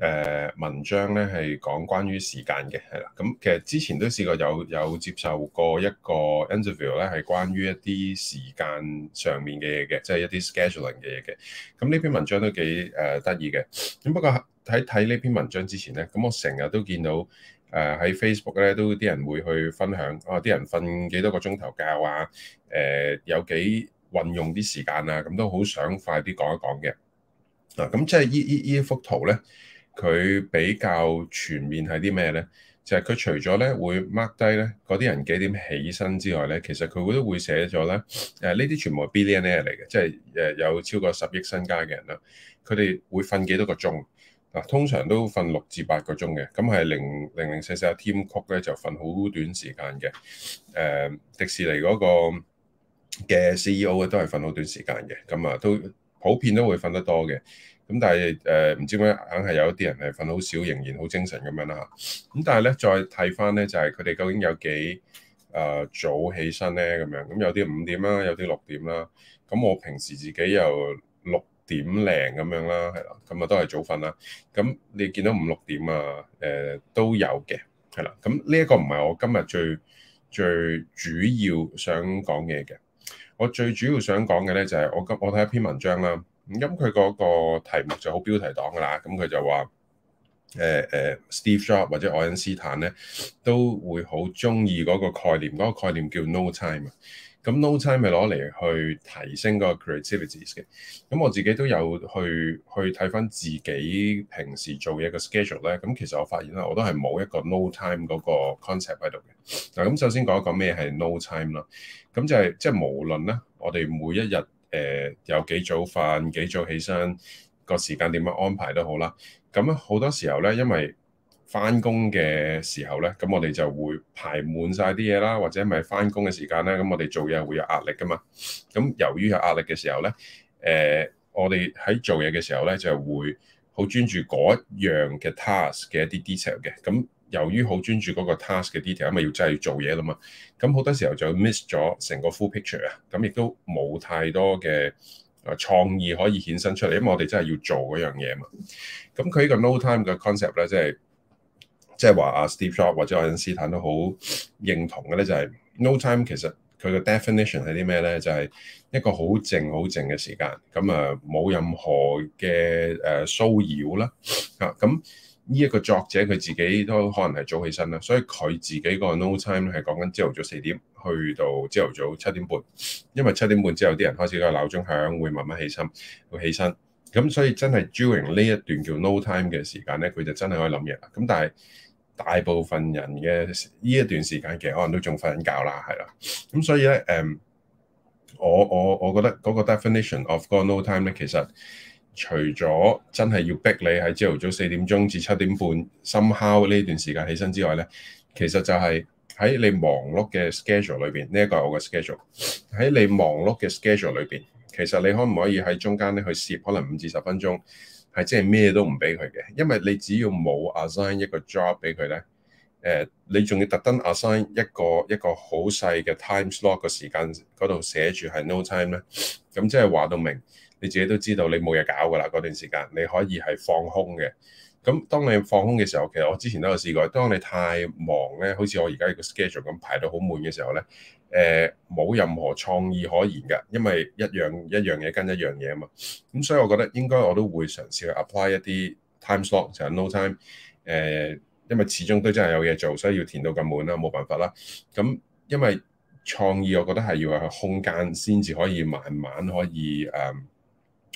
誒、呃、文章咧係講關於時間嘅係啦。咁其實之前都試過有有接受過一個 interview 咧，係關於一啲時間上面嘅嘢嘅，即、就、係、是、一啲 scheduling 嘅嘢嘅。咁呢篇文章都幾誒得意嘅。咁不過睇睇呢篇文章之前咧，咁我成日都見到誒喺、呃、Facebook 咧都啲人會去分享啊，啲人瞓幾多個鐘頭覺啊，誒、呃、有幾運用啲時間啊，咁都好想快啲講一講嘅啊。咁即係依依依幅圖咧。佢比較全面係啲咩咧？就係、是、佢除咗咧會 mark 低咧嗰啲人幾點起身之外咧，其實佢都會寫咗咧誒呢啲全部係 Billionaire 嚟嘅，即係誒、呃、有超過十億身家嘅人啦。佢哋會瞓幾多個鐘啊？通常都瞓六至八個鐘嘅。咁係零零零四四 Tim Cook 咧就瞓好短時間嘅。誒、呃，迪士尼嗰個嘅 CEO 都係瞓好短時間嘅。咁啊，都普遍都會瞓得多嘅。咁但係誒唔知點解，硬係有一啲人係瞓好少，仍然好精神咁樣啦。咁但係咧，再睇返咧，就係佢哋究竟有幾誒、呃、早起身咧咁樣。咁有啲五點啦，有啲六點啦。咁我平時自己又六點零咁樣啦，係啦，咁啊都係早瞓啦。咁你見到五六點啊，誒、呃、都有嘅，係啦。咁呢一個唔係我今日最最主要想講嘢嘅。我最主要想講嘅咧就係我今我睇一篇文章啦。咁佢嗰個題目就好標題黨㗎啦，咁佢就話誒誒 Steve Jobs 或者愛因斯坦咧都會好中意嗰個概念，嗰個概念叫 no time。咁 no time 係攞嚟去提升個 creativities 嘅。咁我自己都有去去睇翻自己平時做嘢嘅 schedule 咧。咁其實我發現啦，我都係冇一個 no time 嗰個 concept 喺度嘅。嗱，咁首先講一個咩係 no time 啦、就是。咁就係即係無論咧，我哋每一日。誒有幾早瞓幾早起身，個時間點樣安排都好啦。咁好多時候咧，因為翻工嘅時候咧，咁我哋就會排滿晒啲嘢啦，或者係咪翻工嘅時間咧，咁我哋做嘢會有壓力噶嘛。咁由於有壓力嘅時候咧，誒、呃、我哋喺做嘢嘅時候咧，就會好專注嗰一樣嘅 task 嘅一啲 detail 嘅。咁由於好專注嗰個 task 嘅 detail，因為要真係要做嘢啦嘛，咁好多時候就 miss 咗成個 full picture 啊，咁亦都冇太多嘅誒創意可以衍生出嚟，因為我哋真係要做嗰樣嘢嘛。咁佢呢個 no time 嘅 concept 咧，即係即係話阿 Steve Jobs 或者愛因斯坦都好認同嘅咧，就係、是、no time 其實佢嘅 definition 係啲咩咧？就係、是、一個好靜好靜嘅時間，咁啊冇任何嘅誒騷擾啦啊咁。呢一個作者佢自己都可能係早起身啦，所以佢自己個 no time 呢係講緊朝頭早四點去到朝頭早七點半，因為七點半之後啲人開始個鬧鐘響，會慢慢起身，會起身。咁所以真係 during 呢一段叫 no time 嘅時間呢，佢就真係可以諗嘢啦。咁但係大部分人嘅呢一段時間其實可能都仲瞓緊覺啦，係啦。咁所以呢，誒，我我我覺得嗰個 definition of 嗰個 no time 呢，其實～除咗真係要逼你喺朝頭早四點鐘至七點半深睺呢段時間起身之外呢，其實就係喺你忙碌嘅 schedule 裏邊，呢一個係我嘅 schedule。喺你忙碌嘅 schedule 裏邊，其實你可唔可以喺中間咧去攝可能五至十分鐘，係即係咩都唔俾佢嘅，因為你只要冇 assign 一個 job 俾佢呢。誒，你仲要特登 assign 一個一個好細嘅 time slot 嘅時間，嗰度寫住係 no time 咧，咁即係話到明，你自己都知道你冇嘢搞噶啦，嗰段時間，你可以係放空嘅。咁當你放空嘅時候，其實我之前都有試過，當你太忙咧，好似我而家個 schedule 咁排到好滿嘅時候咧，誒、呃、冇任何創意可言㗎，因為一樣一樣嘢跟一樣嘢啊嘛。咁所以我覺得應該我都會嘗試去 apply 一啲 time slot 就係 no time 誒、呃。因為始終都真係有嘢做，所以要填到咁滿啦，冇辦法啦。咁因為創意，我覺得係要有空間先至可以慢慢可以誒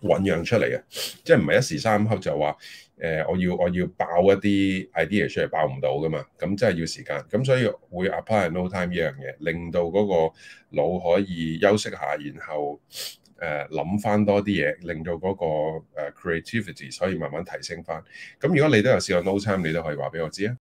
醖、um, 釀出嚟嘅，即係唔係一時三刻就話誒、呃、我要我要爆一啲 idea 出嚟，爆唔到㗎嘛。咁真係要時間，咁所以會 apply no time 依樣嘢，令到嗰個腦可以休息下，然後。誒諗翻多啲嘢，令到嗰個誒 creativity，所以慢慢提升翻。咁如果你都有試過 no time，你都可以話俾我知啊。